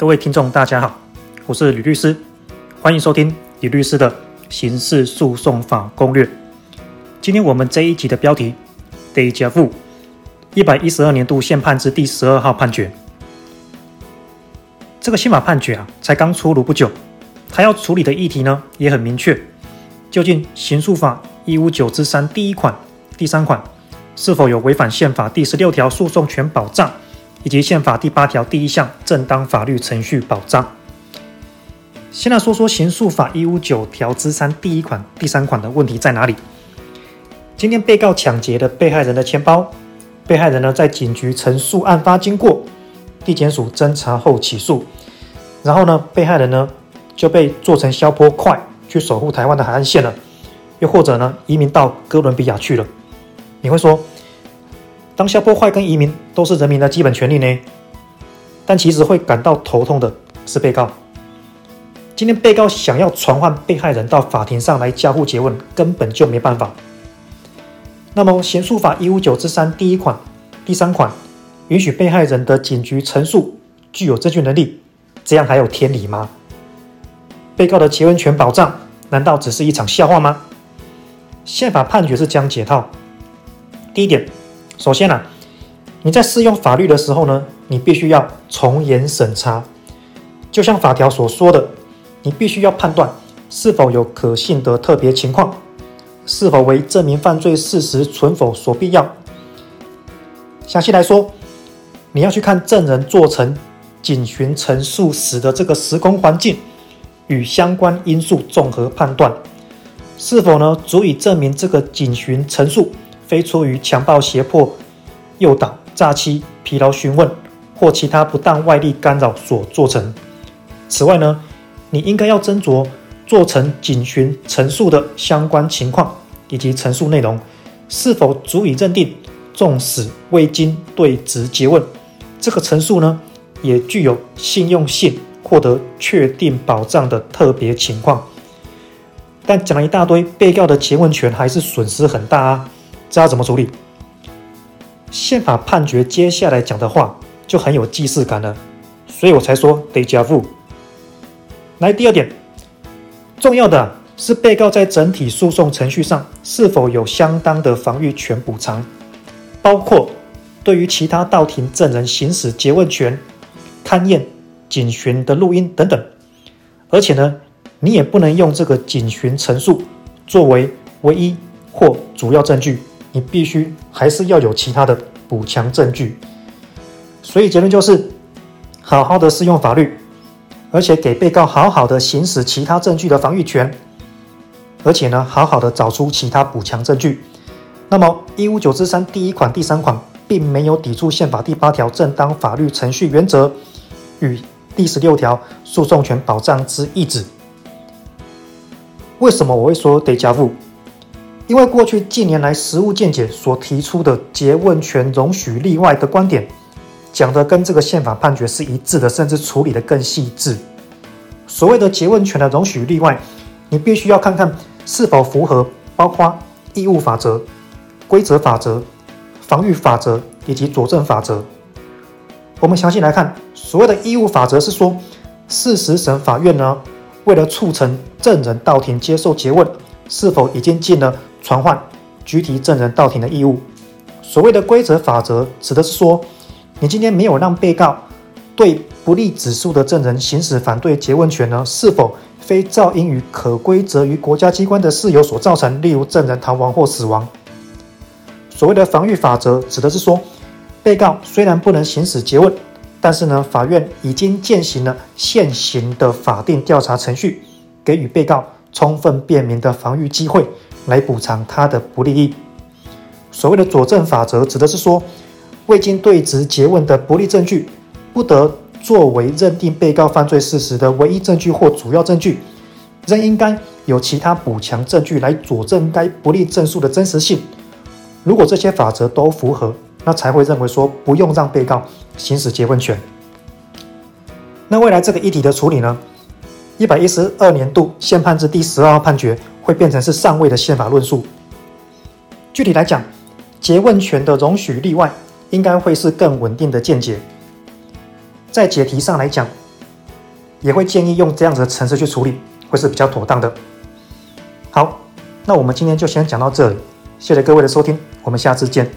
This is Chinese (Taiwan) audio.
各位聽眾，大家好，我是呂律師，歡迎收聽呂律師的《刑事訴訟法攻略》。今天我們這一集的標題：deja vu，一百一十二年度憲判字第十二號判決。這個憲法判決啊，才剛出爐不久，它要處理的議題呢也很明確，究竟刑訴法一五九之三第一款、第三款，是否有違反憲法第十六條訴訟權保障？以及憲法第八條第一項正當法律程序保障。先來說說刑訴法一五九條之三第一款、第三款的問題在哪裡？今天被告搶劫的被害人的錢包，被害人呢在警局陳述案發經過，地檢署偵查後起訴，然後呢被害人呢就被做成消波塊去守護台灣的海岸線了，又或者呢移民到哥倫比亞去了，你會說，當下破壞跟移民都是人民的基本權利呢，但其實會感到頭痛的是被告。今天被告想要傳喚被害人到法庭上來交互詰問，根本就沒辦法。那麼刑訴法一五九之三第一款、第三款，允許被害人的警局陳述具有證據能力，這樣還有天理嗎？被告的詰問權保障難道只是一場笑話嗎？憲法判決是將解套。第一點，首先啊，你在適用法律的時候呢，你必須要從嚴審查。就像法條所說的，你必須要判斷是否有可信的特別情況，是否為證明犯罪事實存否所必要。詳細來說，你要去看證人做成警詢陳述時的這個時空環境與相關因素，綜合判斷是否呢足以證明這個警詢陳述。非出於強暴、脅迫、誘導、詐欺、疲勞詢問或其他不當外力干擾所做成。此外呢，你應該要斟酌做成警詢陳述的相關情況以及陳述內容是否足以認定，縱使未經對質詰問，這個陳述呢也具有信用性，獲得確定保障的特別情況。但講了一大堆，被告的詰問權還是損失很大啊。知道怎麼處理？憲法判決接下來講的話就很有既視感了，所以我才說 deja vu。來第二點，重要的是被告在整體訴訟程序上是否有相當的防禦權補償，包括對於其他到庭證人行使詰問權、勘驗、警詢的錄音等等。而且呢，你也不能用這個警詢陳述作為唯一或主要證據。你必須還是要有其他的補強證據，所以結論就是好好的適用法律，而且給被告好好的行使其他證據的防御權，而且呢，好好的找出其他補強證據。那麼一五九之三第一款、第三款並沒有抵觸憲法第八條正當法律程序原則與第十六條訴訟權保障之意旨。為什麼我會說 deja vu？因為過去近年來實務見解所提出的詰問權容許例外的觀點，講的跟這個憲法判決是一致的，甚至處理得更細緻。所謂的詰問權的容許例外，你必須要看看是否符合包括義務法則、規則法則、防禦法則以及佐證法則。我們詳細來看，所謂的義務法則，是說事實審法院呢，為了促成證人到庭接受詰問，是否已經盡了。傳喚、拘提證人到庭的義務。所謂的歸責法則，指的是說，你今天沒有讓被告對不利指述的證人行使反對詰問權呢，是否非肇因於可歸責於國家機關的事由所造成，例如證人逃亡或死亡。所謂的防禦法則，指的是說，被告雖然不能行使詰問，但是呢，法院已經踐行了現行的法定調查程序，給予被告，充分辯明的防禦機會來補償他的不利益。所謂的佐證法則，指的是說，未經對質詰問的不利證據，不得作為認定被告犯罪事實的唯一證據或主要證據，仍應該有其他補強證據來佐證該不利證述的真實性。如果這些法則都符合，那才會認為說不用讓被告行使詰問權。那未來這個議題的處理呢？一百一十二年度憲判字第十二號判決會變成是上位的憲法論述。具體來講，詰問權的容許例外應該會是更穩定的見解。在解題上來講，也會建議用這樣子的程式去處理，會是比較妥當的。好，那我們今天就先講到這裡，謝謝各位的收聽，我們下次見。